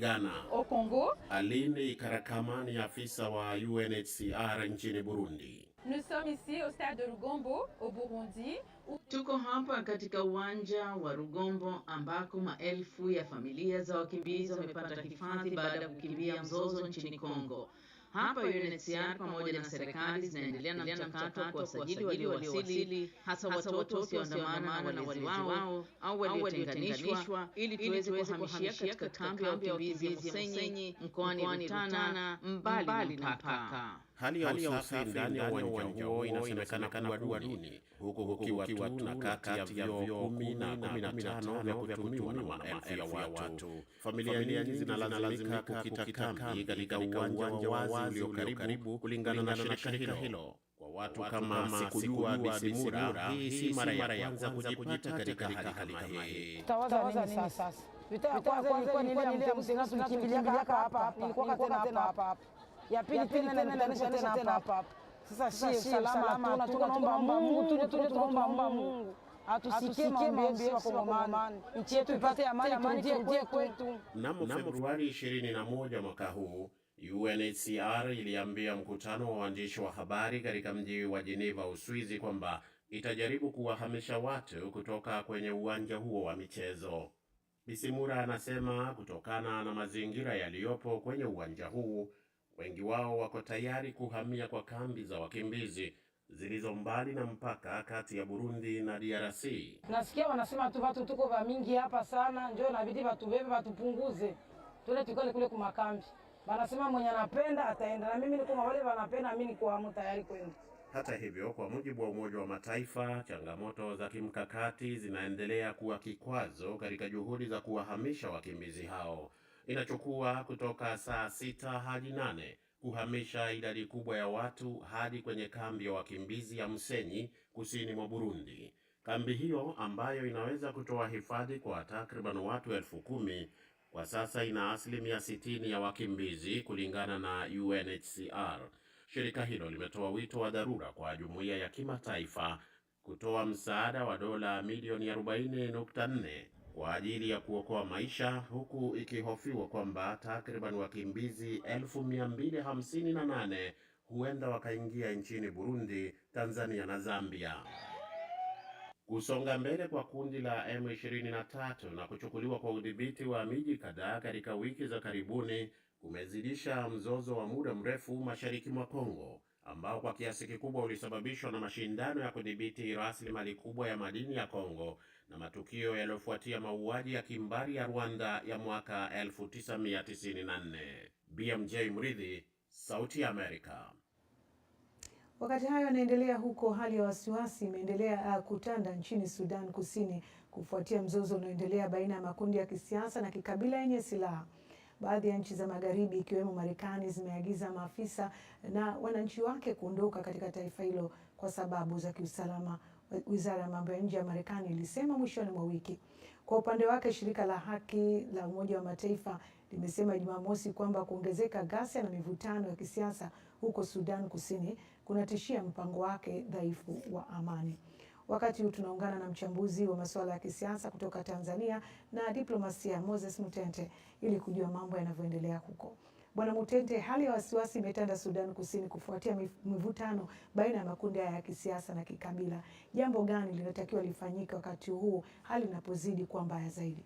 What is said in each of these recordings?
Ghana. Okongo Aline Ikarakamani, afisa wa UNHCR nchini Burundi. Nous sommes ici au stade de Rugombo au Burundi. Tuko hapa katika uwanja wa Rugombo ambako maelfu ya familia za wakimbizi wamepata hifadhi baada ya kukimbia mzozo nchini Kongo. Hapa UNHCR pamoja na serikali zinaendelea na mchakato wa kuwasajili waliowasili, hasa watoto wasioandamana na wazazi wao au waliotenganishwa, ili tuweze kuhamishia katika kambi ya wakimbizi ya Musenyi mkoani Rutana, mbali na mpaka. Hali ya usafi ndani ya uwanja huo inasemekana kuwa duni, huku kukiwa tu na kati ya vyoo kumi na kumi na tano vya kutumiwa na maelfu ya watu. Familia nyingi zinalazimika kukita kambi katika uwanja wa wazi ulio karibu, kulingana na shirika hilo. Kwa watu kama sikujua Bisimura, hii si mara ya kwanza kujipata katika hali kama hii. Tutawaza nini sasa? Vita ya kwanza ilikuwa ni ile ya msingi, tulikimbiliaka hapa hapa, nilikuwa tena hapa hapa ya pili tena inanitanisha tena hapa hapa. Sasa sie salama, tunaomba Mungu tuje tuje tunaomba Mungu atusikie maombi yetu ya Kongomani, nchi yetu ipate amani, turudie kwetu. Mnamo Februari 21 mwaka huu UNHCR iliambia mkutano wa waandishi wa habari katika mji wa Geneva, Uswizi kwamba itajaribu kuwahamisha watu kutoka kwenye uwanja huo wa michezo. Bisimura anasema kutokana na mazingira yaliyopo kwenye uwanja huu wengi wao wako tayari kuhamia kwa kambi za wakimbizi zilizo mbali na mpaka kati ya Burundi na DRC. Nasikia wanasema tu watu tuko va mingi hapa sana, njo inabidi watubebe watupunguze, tule tukale kule kumakambi. Wanasema mwenye anapenda ataenda, na mimi niko wale wanapenda, mimi niko amu tayari kwenda. Hata hivyo, kwa mujibu wa Umoja wa Mataifa, changamoto za kimkakati zinaendelea kuwa kikwazo katika juhudi za kuwahamisha wakimbizi hao inachukua kutoka saa sita hadi nane kuhamisha idadi kubwa ya watu hadi kwenye kambi ya wakimbizi ya msenyi kusini mwa Burundi. Kambi hiyo ambayo inaweza kutoa hifadhi kwa takriban watu elfu kumi kwa sasa ina asilimia sitini ya wakimbizi kulingana na UNHCR. Shirika hilo limetoa wito wa dharura kwa jumuiya ya kimataifa kutoa msaada wa dola milioni 40.4 kwa ajili ya kuokoa maisha huku ikihofiwa kwamba takriban wakimbizi 258 huenda wakaingia nchini Burundi, Tanzania na Zambia. Kusonga mbele kwa kundi la M23 na kuchukuliwa kwa udhibiti wa miji kadhaa katika wiki za karibuni kumezidisha mzozo wa muda mrefu mashariki mwa Kongo ambao kwa kiasi kikubwa ulisababishwa na mashindano ya kudhibiti rasilimali kubwa ya madini ya Kongo matukio yaliyofuatia mauaji ya kimbari ya Rwanda ya mwaka 1994. BMJ Mridhi, Sauti ya Amerika. Wakati hayo yanaendelea huko, hali ya wasiwasi imeendelea uh, kutanda nchini Sudan Kusini kufuatia mzozo unaoendelea baina ya makundi ya kisiasa na kikabila yenye silaha. Baadhi ya nchi za magharibi ikiwemo Marekani zimeagiza maafisa na wananchi wake kuondoka katika taifa hilo kwa sababu za kiusalama wizara ya mambo ya nje ya Marekani ilisema mwishoni mwa wiki. Kwa upande wake, shirika la haki la Umoja wa Mataifa limesema Jumamosi kwamba kuongezeka ghasia na mivutano ya kisiasa huko Sudan Kusini kunatishia mpango wake dhaifu wa amani. Wakati huu tunaungana na mchambuzi wa masuala ya kisiasa kutoka Tanzania na diplomasia Moses Mutente ili kujua mambo yanavyoendelea huko. Bwana Mutente, hali ya wasiwasi imetanda Sudan Kusini kufuatia mivutano baina ya makundi ya kisiasa na kikabila. Jambo gani linatakiwa lifanyike wakati huu hali inapozidi kuwa mbaya zaidi?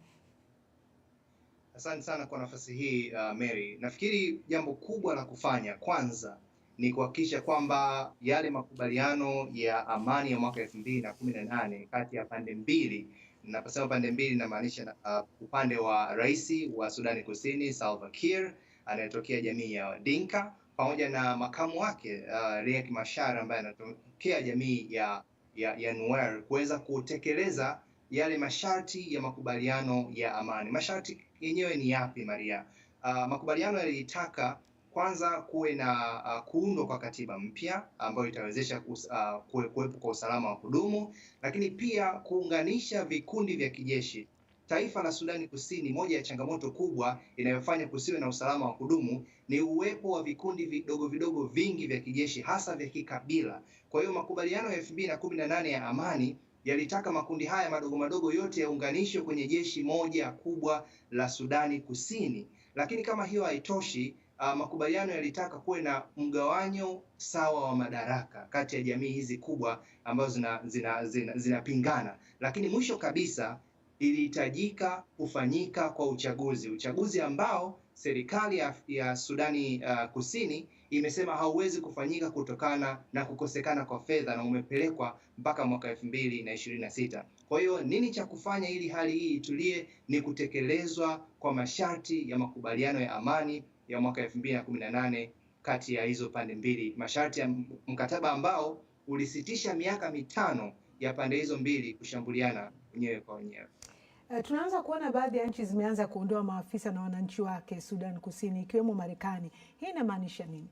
Asante sana kwa nafasi hii uh, Mary. Nafikiri jambo kubwa la kufanya kwanza ni kuhakikisha kwamba yale makubaliano ya amani ya mwaka elfu mbili na kumi na nane kati ya pande mbili, naposema pande mbili inamaanisha uh, upande wa rais wa Sudani Kusini Salva Kiir anayetokea jamii ya dinka pamoja na makamu wake uh, Riek Machar ambaye anatokea jamii ya, ya, ya Nuer kuweza kutekeleza yale masharti ya makubaliano ya amani. Masharti yenyewe ni yapi, Maria? Uh, makubaliano yalitaka kwanza kuwe na uh, kuundwa kwa katiba mpya ambayo itawezesha uh, kuwepo kwa usalama wa kudumu, lakini pia kuunganisha vikundi vya kijeshi Taifa la Sudani Kusini, moja ya changamoto kubwa inayofanya kusiwe na usalama wa kudumu ni uwepo wa vikundi vidogo vidogo vingi vya kijeshi, hasa vya kikabila. Kwa hiyo makubaliano ya 2018 ya amani yalitaka makundi haya madogo madogo yote yaunganishwe kwenye jeshi moja kubwa la Sudani Kusini. Lakini kama hiyo haitoshi, uh, makubaliano yalitaka kuwe na mgawanyo sawa wa madaraka kati ya jamii hizi kubwa ambazo zinapingana zina, zina, zina, lakini mwisho kabisa ilihitajika kufanyika kwa uchaguzi, uchaguzi ambao serikali ya, ya Sudani uh, Kusini imesema hauwezi kufanyika kutokana na kukosekana kwa fedha na umepelekwa mpaka mwaka elfu mbili na ishirini na sita. Kwa hiyo nini cha kufanya ili hali hii itulie? Ni kutekelezwa kwa masharti ya makubaliano ya amani ya mwaka elfu mbili na kumi na nane kati ya hizo pande mbili, masharti ya mkataba ambao ulisitisha miaka mitano ya pande hizo mbili kushambuliana wenyewe kwa wenyewe. Uh, tunaanza kuona baadhi ya nchi zimeanza kuondoa maafisa na wananchi wake Sudan Kusini ikiwemo Marekani. Hii inamaanisha nini?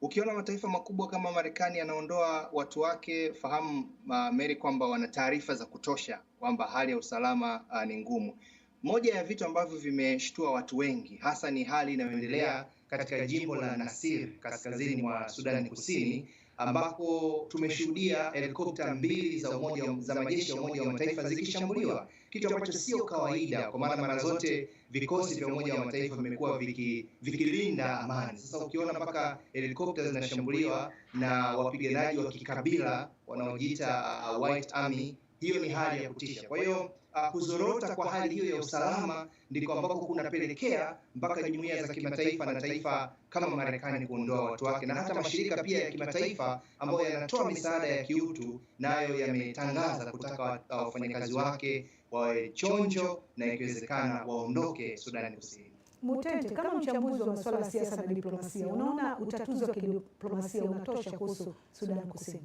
Ukiona mataifa makubwa kama Marekani yanaondoa watu wake, fahamu uh, Mary kwamba wana taarifa za kutosha kwamba hali ya usalama uh, ni ngumu. Moja ya vitu ambavyo vimeshtua watu wengi hasa ni hali inayoendelea katika jimbo la Nasir kaskazini mwa Sudan Kusini ambako tumeshuhudia helikopta mbili za umoja za majeshi ya Umoja wa Mataifa zikishambuliwa, kitu ambacho sio kawaida, kwa maana mara zote vikosi vya Umoja wa Mataifa vimekuwa vikilinda viki amani. Sasa ukiona mpaka helikopta zinashambuliwa na wapiganaji wa kikabila wanaojiita uh, White Army hiyo ni hali ya kutisha. Kwa hiyo uh, kuzorota kwa hali hiyo ya usalama ndiko ambako kunapelekea mpaka jumuiya za kimataifa na taifa kama Marekani kuondoa watu wake, na hata mashirika pia ya kimataifa ambayo yanatoa misaada ya kiutu nayo yametangaza kutaka ah, wafanyakazi wake wawe chonjo na ikiwezekana waondoke Sudani Kusini. Mutente, kama mchambuzi wa masuala ya siasa na diplomasia, unaona utatuzi wa kidiplomasia unatosha kuhusu Sudani Kusini?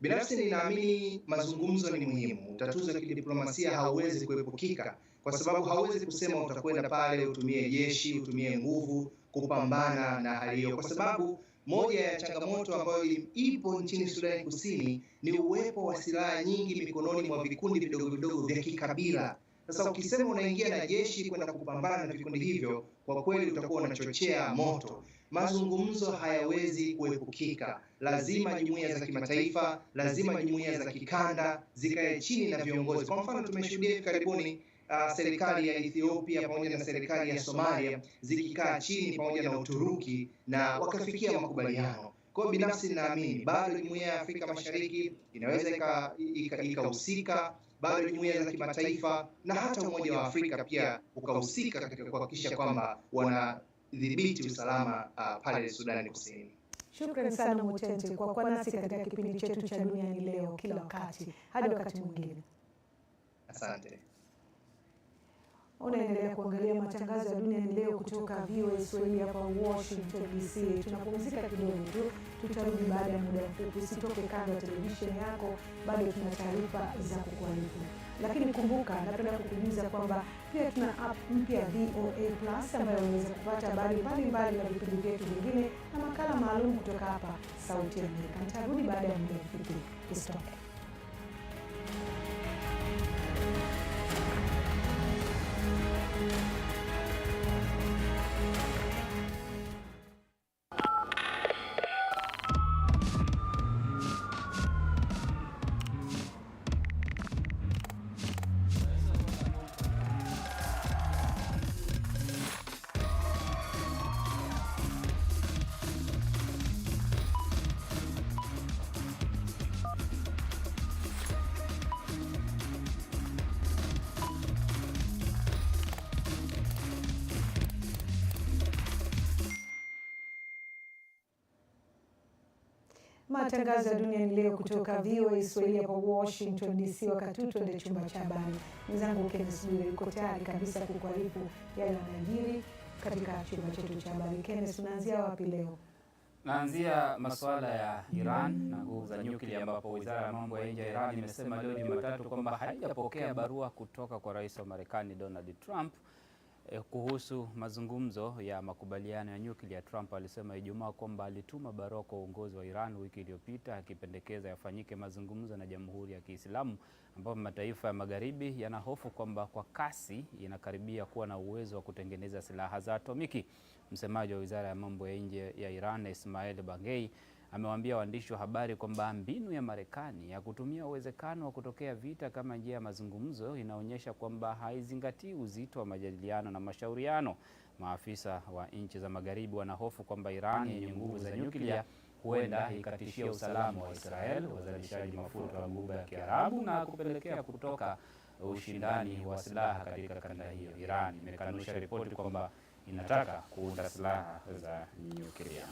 Binafsi ninaamini mazungumzo ni muhimu. Tatizo ya kidiplomasia hauwezi kuepukika, kwa sababu hauwezi kusema utakwenda pale utumie jeshi, utumie nguvu kupambana na hali hiyo, kwa sababu moja ya changamoto ambayo ipo nchini Sudani Kusini ni uwepo wa silaha nyingi mikononi mwa vikundi vidogo vidogo vya kikabila. Sasa ukisema unaingia na jeshi kwenda kupambana na vikundi hivyo, kwa kweli utakuwa unachochea moto mazungumzo hayawezi kuepukika. Lazima jumuiya za kimataifa, lazima jumuiya za kikanda zikae chini na viongozi. Kwa mfano, tumeshuhudia hivi karibuni Uh, serikali ya Ethiopia pamoja na serikali ya Somalia zikikaa chini pamoja na Uturuki na wakafikia makubaliano. Kwa binafsi ninaamini bado jumuiya ya Afrika Mashariki inaweza ikahusika bado jumuiya za kimataifa na hata Umoja wa Afrika pia ukahusika katika kuhakikisha kwamba wana kudhibiti usalama uh, pale Sudani Kusini. Shukrani sana Mutente kwa kuwa nasi katika kipindi chetu cha Duniani Leo kila wakati. Hadi wakati mwingine, asante. Unaendelea kuangalia matangazo ya Duniani Leo kutoka VOA Swahili hapa Washington DC. Tunapumzika kidogo tu, tutarudi baada ya muda mfupi. Usitoke kando ya televisheni yako, bado tuna taarifa za kukualika. Lakini kumbuka, napenda kukujuza kwamba pia tuna app mpya VOA Plus ambayo unaweza kupata habari mbalimbali na vipindi vyetu vingine na makala maalum kutoka hapa Sauti ya Amerika. Nitarudi baada ya muda mfupi, usitoke. matangazo ya duniani leo kutoka VOA Swahili hapa Washington DC. Wakati huu tuende chumba cha habari. Mwenzangu Kennes Bwire yuko tayari kabisa kukuarifu yale yanayojiri katika chumba chetu cha habari. Kennes, unaanzia wapi leo? Naanzia masuala ya Iran na nguvu za nyuklia, ambapo wizara ya mambo ya nje ya Iran imesema leo Jumatatu kwamba haijapokea barua kutoka kwa rais wa Marekani Donald Trump Eh, kuhusu mazungumzo ya makubaliano ya nyuklia, Trump alisema Ijumaa kwamba alituma barua kwa uongozi wa Iran wiki iliyopita akipendekeza yafanyike mazungumzo na Jamhuri ya Kiislamu, ambapo mataifa ya Magharibi yanahofu kwamba kwa kasi inakaribia kuwa na uwezo wa kutengeneza silaha za atomiki. Msemaji wa Wizara ya Mambo ya Nje ya Iran, Ismail Bangei, amewaambia waandishi wa habari kwamba mbinu ya Marekani ya kutumia uwezekano wa kutokea vita kama njia ya mazungumzo inaonyesha kwamba haizingatii uzito wa majadiliano na mashauriano. Maafisa wa nchi za Magharibi wanahofu kwamba Iran yenye nguvu za nyuklia huenda ikatishia usalama wa Israel, wazalishaji mafuta wa Ghuba ya Kiarabu na kupelekea kutoka ushindani wa silaha katika kanda hiyo. Iran imekanusha ripoti kwamba inataka kuunda silaha za nyuklia.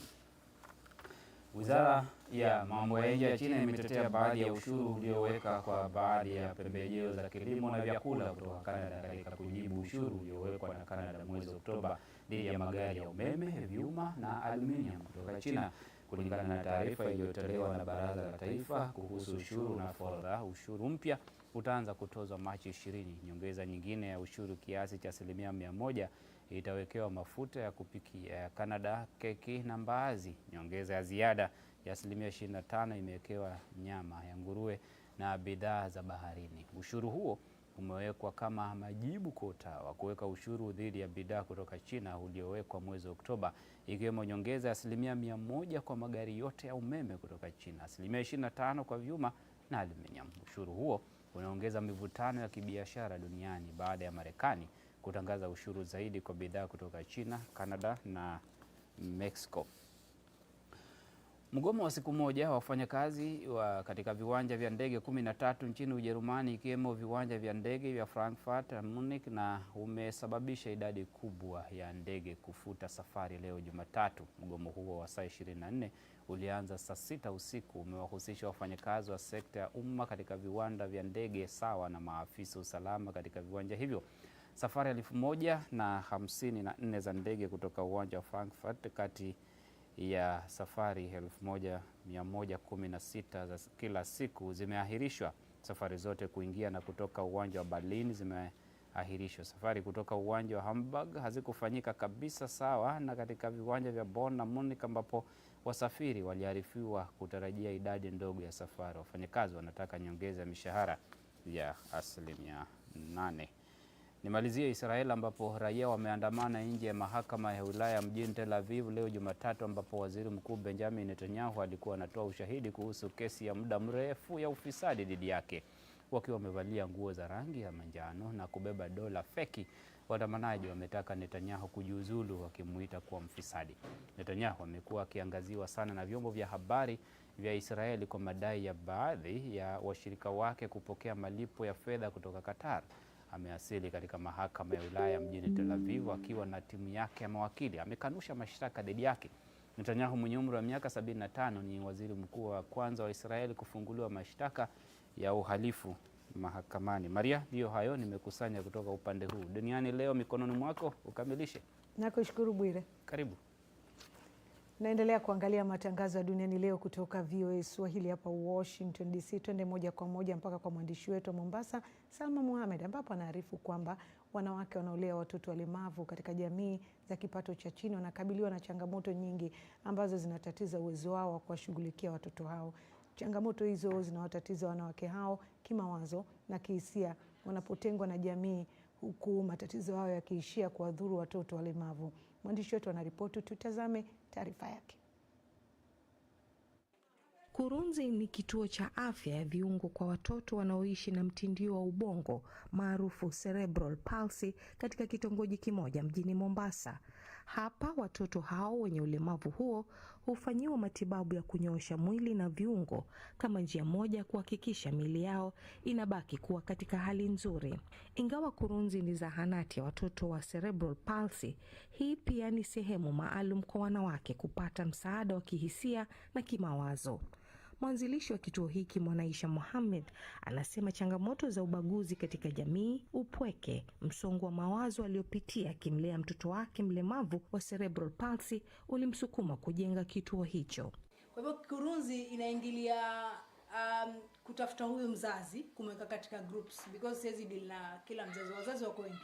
Wizara ya Mambo ya Nje ya China imetetea baadhi ya ushuru ulioweka kwa baadhi ya pembejeo za kilimo na vyakula kutoka Canada katika kujibu ushuru uliowekwa na Canada mwezi Oktoba dhidi ya magari ya umeme, vyuma na aluminium kutoka China. Kulingana na taarifa iliyotolewa na Baraza la Taifa kuhusu ushuru na forodha, ushuru mpya utaanza kutozwa Machi 20. Nyongeza nyingine ya ushuru kiasi cha asilimia mia moja itawekewa mafuta ya kupikia ya Canada, keki na mbaazi. Nyongeza ya ziada ya asilimia 25 imewekewa nyama ya nguruwe na bidhaa za baharini. Ushuru huo umewekwa kama majibu kwa utawa kuweka ushuru dhidi ya bidhaa kutoka China uliowekwa mwezi Oktoba, ikiwemo nyongeza ya asilimia mia moja kwa magari yote ya umeme kutoka China, asilimia 25 kwa vyuma na aluminium. Ushuru huo unaongeza mivutano ya kibiashara duniani baada ya Marekani kutangaza ushuru zaidi kwa bidhaa kutoka China, Canada na Mexico. Mgomo wa siku moja wa wafanyakazi wa katika viwanja vya ndege kumi na tatu nchini Ujerumani ikiwemo viwanja vya ndege vya Frankfurt na Munich na umesababisha idadi kubwa ya ndege kufuta safari leo Jumatatu. Mgomo huo wa saa 24 ulianza saa sita usiku, umewahusisha wafanyakazi wa sekta ya umma katika viwanda vya ndege sawa na maafisa usalama katika viwanja hivyo safari elfu moja na hamsini na nne za ndege kutoka uwanja wa Frankfurt kati ya safari sita za kila siku zimeahirishwa. Safari zote kuingia na kutoka uwanja wa Berlin zimeahirishwa. Safari kutoka uwanja wa Hamburg hazikufanyika kabisa, sawa na katika viwanja vya Bonn na Munich ambapo wasafiri waliarifiwa kutarajia idadi ndogo ya safari. Wafanyakazi wanataka nyongeza ya mishahara ya asilimia nane. Nimalizie Israel ambapo raia wameandamana nje ya mahakama ya wilaya mjini Tel Aviv leo Jumatatu, ambapo waziri mkuu Benjamin Netanyahu alikuwa anatoa ushahidi kuhusu kesi ya muda mrefu ya ufisadi dhidi yake. Wakiwa wamevalia nguo za rangi ya manjano na kubeba dola feki, waandamanaji wametaka Netanyahu kujiuzulu, wakimuita kuwa mfisadi. Netanyahu amekuwa akiangaziwa sana na vyombo vya habari vya Israeli kwa madai ya baadhi ya washirika wake kupokea malipo ya fedha kutoka Qatar amewasili katika mahakama ya wilaya mjini Tel Aviv akiwa na timu yake ya mawakili. Amekanusha mashtaka dhidi yake. Netanyahu mwenye umri wa miaka 75 ni waziri mkuu wa kwanza wa Israeli kufunguliwa mashtaka ya uhalifu mahakamani. Maria, ndiyo hayo nimekusanya kutoka upande huu. Duniani Leo mikononi mwako ukamilishe. Nakushukuru Bwire, karibu. Naendelea kuangalia matangazo ya Duniani Leo kutoka VOA Swahili hapa Washington DC. Twende moja kwa moja mpaka kwa mwandishi wetu wa Mombasa, Salma Muhamed, ambapo anaarifu kwamba wanawake wanaolea watoto walemavu katika jamii za kipato cha chini wanakabiliwa na changamoto nyingi ambazo zinatatiza uwezo wao wa kuwashughulikia watoto hao. Changamoto hizo zinawatatiza wanawake hao kimawazo na kihisia wanapotengwa na jamii, huku matatizo hayo yakiishia kuwadhuru watoto walemavu mwandishi wetu anaripoti, tutazame taarifa yake. Kurunzi ni kituo cha afya ya viungo kwa watoto wanaoishi na mtindio wa ubongo maarufu cerebral palsy katika kitongoji kimoja mjini Mombasa. Hapa watoto hao wenye ulemavu huo hufanyiwa matibabu ya kunyoosha mwili na viungo kama njia moja ya kuhakikisha miili yao inabaki kuwa katika hali nzuri. Ingawa Kurunzi ni zahanati ya watoto wa cerebral palsy, hii pia ni sehemu maalum kwa wanawake kupata msaada wa kihisia na kimawazo. Mwanzilishi wa kituo hiki Mwanaisha Mohamed anasema changamoto za ubaguzi katika jamii, upweke, msongo wa mawazo aliyopitia akimlea mtoto wake mlemavu wa cerebral palsy ulimsukuma kujenga kituo hicho. Kwa hivyo kurunzi inaingilia um, kutafuta huyu mzazi kumweka katika groups because siwezi deal na kila mzazi, wazazi wako wengi,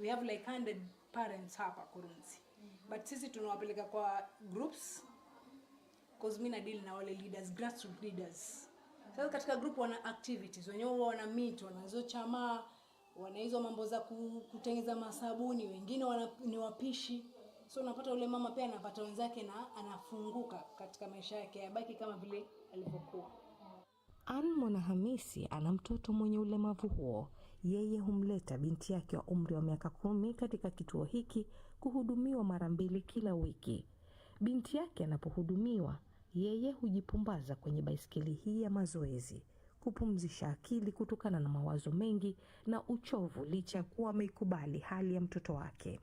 we have like 100 parents hapa Kurunzi, mm-hmm. but sisi tunawapeleka kwa groups cause mimi na deal na wale leaders, grassroots leaders. Sasa katika group wana activities, wenyewe huwa wana meet, wanazo chama, wana hizo mambo za kutengeza masabuni, wengine wana, ni wapishi. So unapata ule mama pia anapata wenzake na anafunguka katika maisha yake, yabaki kama vile alivyokuwa. Ann Mwanahamisi ana mtoto mwenye ulemavu huo. Yeye humleta binti yake wa umri wa miaka kumi katika kituo hiki kuhudumiwa mara mbili kila wiki. Binti yake anapohudumiwa yeye hujipumbaza kwenye baiskeli hii ya mazoezi kupumzisha akili kutokana na mawazo mengi na uchovu, licha ya kuwa ameikubali hali ya mtoto wake.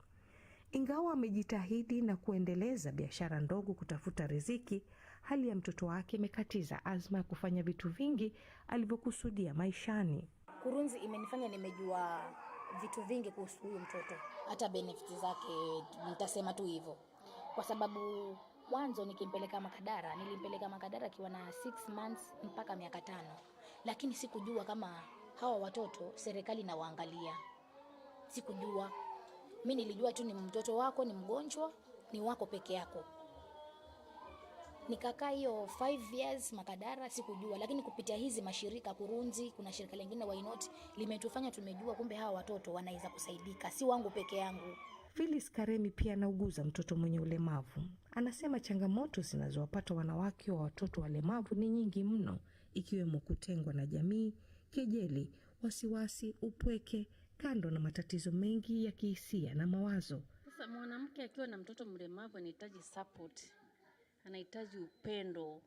Ingawa amejitahidi na kuendeleza biashara ndogo kutafuta riziki, hali ya mtoto wake imekatiza azma ya kufanya vitu vingi alivyokusudia maishani. Kurunzi imenifanya nimejua vitu vingi kuhusu huyu mtoto, hata benefiti zake, nitasema tu hivyo, kwa sababu mwanzo nikimpeleka Makadara, nilimpeleka Makadara akiwa na six months mpaka miaka tano, lakini sikujua kama hawa watoto serikali inawaangalia. Sikujua mi, nilijua tu ni mtoto wako ni mgonjwa, ni wako peke yako. Nikakaa hiyo five years Makadara, sikujua. Lakini kupitia hizi mashirika Kurunzi, kuna shirika lingine Why limetufanya tumejua kumbe hawa watoto wanaweza kusaidika, si wangu peke yangu. Phyllis Karemi pia anauguza mtoto mwenye ulemavu. Anasema changamoto zinazowapata wanawake wa watoto walemavu ni nyingi mno, ikiwemo kutengwa na jamii, kejeli, wasiwasi, upweke, kando na matatizo mengi ya kihisia na mawazo. Sasa mwanamke akiwa na mtoto mlemavu anahitaji support, anahitaji upendo,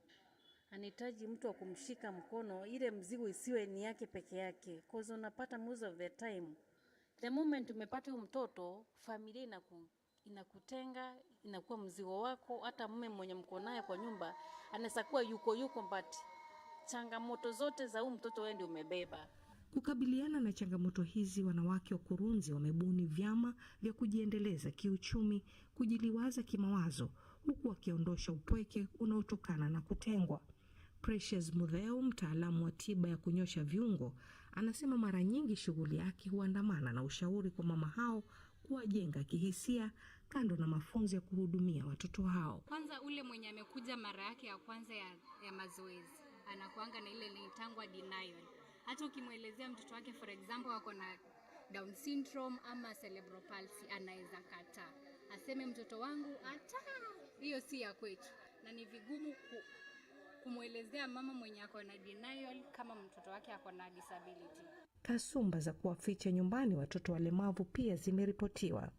anahitaji mtu wa kumshika mkono, ile mzigo isiwe ni yake peke yake, cause unapata most of the time The moment umepata mtoto, familia inaku, inakutenga inakuwa mzigo wako. Hata mume mwenye mko naye kwa nyumba anaweza kuwa yuko yuko, but changamoto zote za huyu mtoto wewe ndio umebeba. Kukabiliana na changamoto hizi, wanawake wa Kurunzi wamebuni vyama vya kujiendeleza kiuchumi, kujiliwaza kimawazo, huku wakiondosha upweke unaotokana na kutengwa. Precious Mutheu, mtaalamu wa tiba ya kunyosha viungo, Anasema mara nyingi shughuli yake huandamana na ushauri kwa mama hao kuwajenga kihisia, kando na mafunzo ya kuhudumia watoto hao. Kwanza ule mwenye amekuja mara yake ya kwanza ya, ya mazoezi anakuanga na ile inaitangwa denial. Hata ukimwelezea mtoto wake for example ako na Down syndrome ama cerebral palsy, anaweza kataa, aseme mtoto wangu hata hiyo si ya kwetu, na ni vigumu ku kumwelezea mama mwenye ako na denial kama mtoto wake ako na disability. Kasumba za kuwaficha nyumbani watoto walemavu pia zimeripotiwa.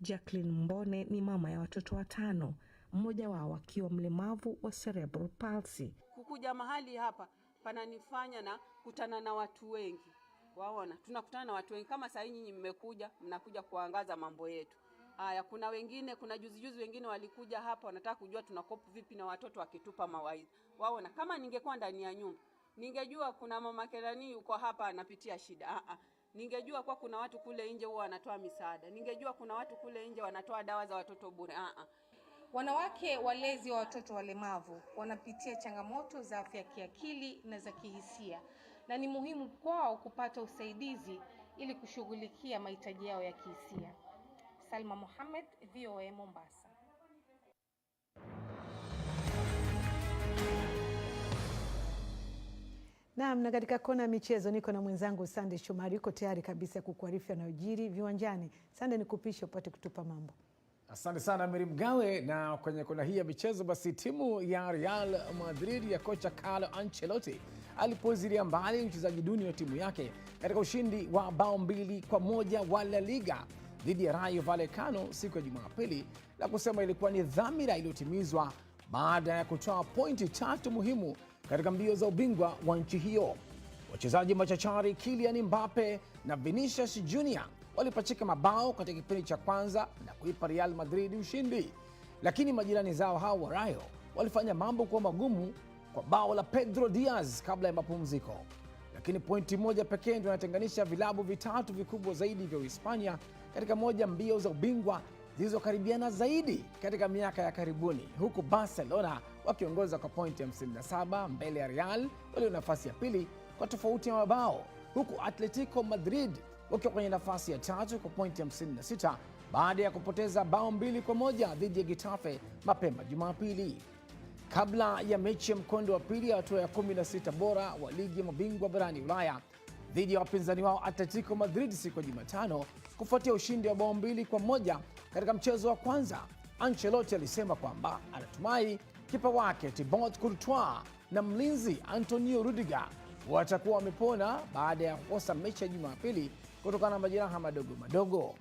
Jacqueline Mbone ni mama ya watoto watano, mmoja wao akiwa mlemavu wa cerebral palsy. Kukuja mahali hapa pananifanya na kutana na watu wengi, waona, tunakutana na watu wengi kama saa hii nyinyi mmekuja, mnakuja kuangaza mambo yetu Aya, kuna wengine, kuna juzi juzi wengine walikuja hapa wanataka kujua tunakopu vipi na watoto wakitupa mawaidha. Waona kama ningekuwa ndani ya nyumba, ningejua kuna mama Kerani yuko hapa anapitia shida. Ah ah. Ningejua kwa kuna watu kule nje huwa wanatoa misaada. Ningejua kuna watu kule nje wanatoa dawa za watoto bure. Ah ah. Wanawake walezi wa watoto walemavu wanapitia changamoto za afya kiakili na za kihisia, na ni muhimu kwao kupata usaidizi ili kushughulikia mahitaji yao ya kihisia. Salma Mohamed, VOA Mombasa. Naam, na katika kona ya michezo niko na mwenzangu Sande Shomari, yuko tayari kabisa kukuarifu yanayojiri viwanjani. Sande, nikupishe upate kutupa mambo. Asante sana Meri Mgawe. Na kwenye kona hii ya michezo, basi timu ya Real Madrid ya kocha Carlo Ancelotti alipozilia mbali uchezaji duni wa timu yake katika ushindi wa bao mbili kwa moja wa La Liga dhidi ya Rayo Vallecano siku ya Jumapili na kusema ilikuwa ni dhamira iliyotimizwa baada ya kutoa pointi tatu muhimu katika mbio za ubingwa wa nchi hiyo. Wachezaji machachari Kylian Mbappe na Vinicius Junior walipachika mabao katika kipindi cha kwanza na kuipa Real Madrid ushindi, lakini majirani zao hao wa Rayo walifanya mambo kuwa magumu kwa bao la Pedro Diaz kabla ya mapumziko, lakini pointi moja pekee ndio inatenganisha vilabu vitatu vikubwa zaidi vya Uhispania katika moja mbio za ubingwa zilizokaribiana zaidi katika miaka ya karibuni, huku Barcelona wakiongoza kwa pointi 57 mbele ya Real walio nafasi ya pili kwa tofauti ya mabao, huku Atletico Madrid wakiwa kwenye nafasi ya tatu kwa pointi 56 baada ya kupoteza bao mbili kwa moja dhidi ya Getafe mapema Jumapili. Kabla ya mechi ya mkondo wa pili ya hatua ya 16 bora wa ligi ya mabingwa barani Ulaya dhidi ya wapinzani wao Atletico Madrid siku ya Jumatano, kufuatia ushindi wa bao mbili kwa moja katika mchezo wa kwanza. Ancelotti alisema kwamba anatumai kipa wake Thibaut Courtois na mlinzi Antonio Rudiger watakuwa wamepona baada ya kukosa mechi ya Jumapili kutokana na majeraha madogo madogo.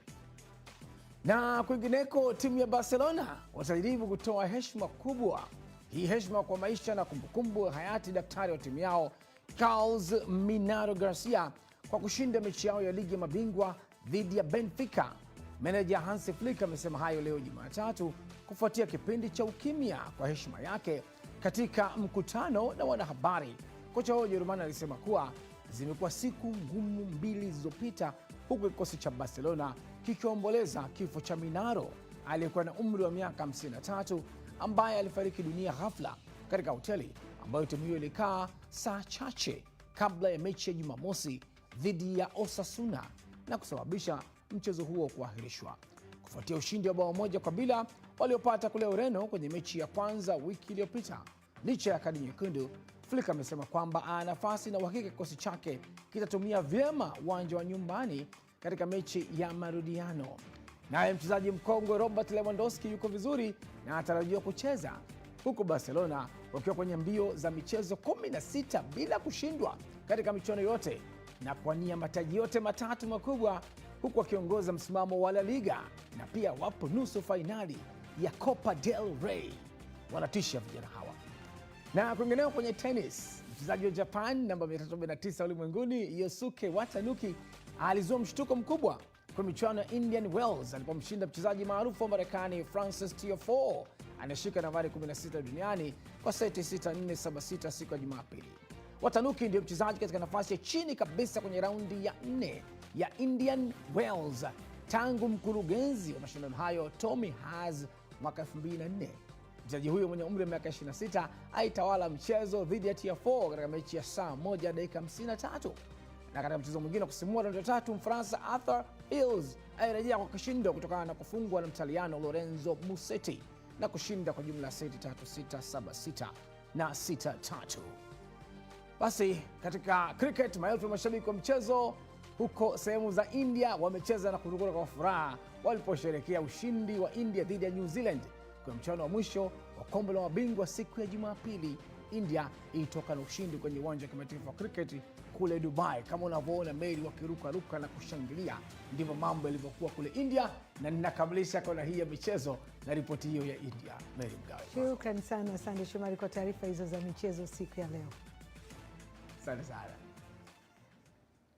Na kwingineko, timu ya Barcelona watajaribu kutoa heshima kubwa hii heshima kwa maisha na kumbukumbu ya hayati daktari wa timu yao carls Minaro Garcia kwa kushinda mechi yao ya ligi ya mabingwa dhidi ya Benfica. Meneja Hansi Flick amesema hayo leo Jumatatu kufuatia kipindi cha ukimya kwa heshima yake katika mkutano na wanahabari. Kocha wa Ujerumani alisema kuwa zimekuwa siku ngumu mbili zilizopita, huku kikosi cha Barcelona kikiomboleza kifo cha Minaro aliyekuwa na umri wa miaka 53 ambaye alifariki dunia ghafla katika hoteli ambayo timu hiyo ilikaa saa chache kabla ya mechi ya Jumamosi dhidi ya Osasuna na kusababisha mchezo huo kuahirishwa kufuatia ushindi wa bao moja kwa bila waliopata kule Ureno kwenye mechi ya kwanza wiki iliyopita. Licha ya kadi nyekundu, Flick amesema kwamba ana nafasi na uhakika kikosi chake kitatumia vyema uwanja wa nyumbani katika mechi ya marudiano. Naye mchezaji mkongwe Robert Lewandowski yuko vizuri na anatarajiwa kucheza huku Barcelona wakiwa kwenye mbio za michezo 16 bila kushindwa katika michuano yote na kuwania mataji yote matatu makubwa huku wakiongoza msimamo wa La Liga na pia wapo nusu fainali ya Copa del Rey. Wanatisha vijana hawa. Na kwingineo kwenye tenis, mchezaji wa Japan namba 349 ulimwenguni Yosuke Watanuki alizua mshtuko mkubwa kwa michuano ya Indian Wells alipomshinda mchezaji maarufu wa Marekani Francis Tiafoe anayeshika nambari 16 duniani kwa seti 6476 siku ya Jumapili. Watanuki ndio mchezaji katika nafasi ya chini kabisa kwenye raundi ya nne ya Indian Wells tangu mkurugenzi wa mashindano hayo Tommy Haas mwaka 2004. Mchezaji huyo mwenye umri wa miaka 26 aitawala mchezo dhidi ya t4 katika mechi ya saa 1 dakika 53 na katika mchezo mwingine wa kusimua raundi ya tatu Mfaransa arthur hills alirejea kwa kishindo kutokana na kufungwa na Mtaliano Lorenzo Musetti na kushinda kwa jumla ya seti 3-6, 7-6 na 6-3. Basi katika cricket, maelfu ya mashabiki wa mchezo huko sehemu za India wamecheza na kurukura kwa furaha waliposherekea ushindi wa India dhidi ya New Zealand kwenye mchano wa mwisho wa kombe la mabingwa siku ya Jumapili. India ilitoka na ushindi kwenye uwanja wa kimataifa wa kriketi kule Dubai. Kama unavyoona meli wakirukaruka na kushangilia, ndivyo mambo yalivyokuwa kule India, na ninakamilisha kona hii ya michezo na ripoti hiyo ya India. meri Mgawe, shukran sana. Sande Shomari kwa taarifa hizo za michezo siku ya leo. Asante sana.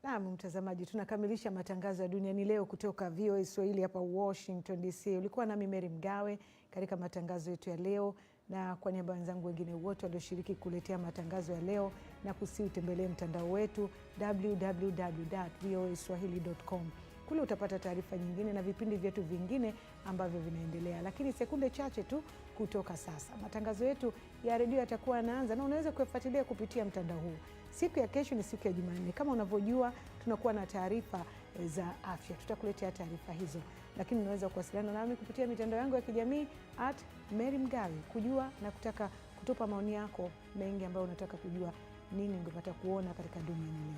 Naam, mtazamaji, tunakamilisha matangazo ya duniani leo kutoka VOA Swahili hapa Washington DC. Ulikuwa nami mery Mgawe katika matangazo yetu ya leo, na kwa niaba wenzangu wengine wote walioshiriki kuletea matangazo ya leo, na kusi utembelee mtandao wetu www.voaswahili.com. Kule utapata taarifa nyingine na vipindi vyetu vingine ambavyo vinaendelea, lakini sekunde chache tu kutoka sasa matangazo yetu ya redio yatakuwa yanaanza, na unaweza kuyafuatilia kupitia mtandao huu Siku ya kesho ni siku ya Jumanne. Kama unavyojua, tunakuwa na taarifa eh, za afya, tutakuletea taarifa hizo, lakini unaweza kuwasiliana nami kupitia mitandao yangu ya kijamii at Mary Mgawe kujua na kutaka kutupa maoni yako mengi ambayo unataka kujua nini ungepata kuona katika Dunia Leo.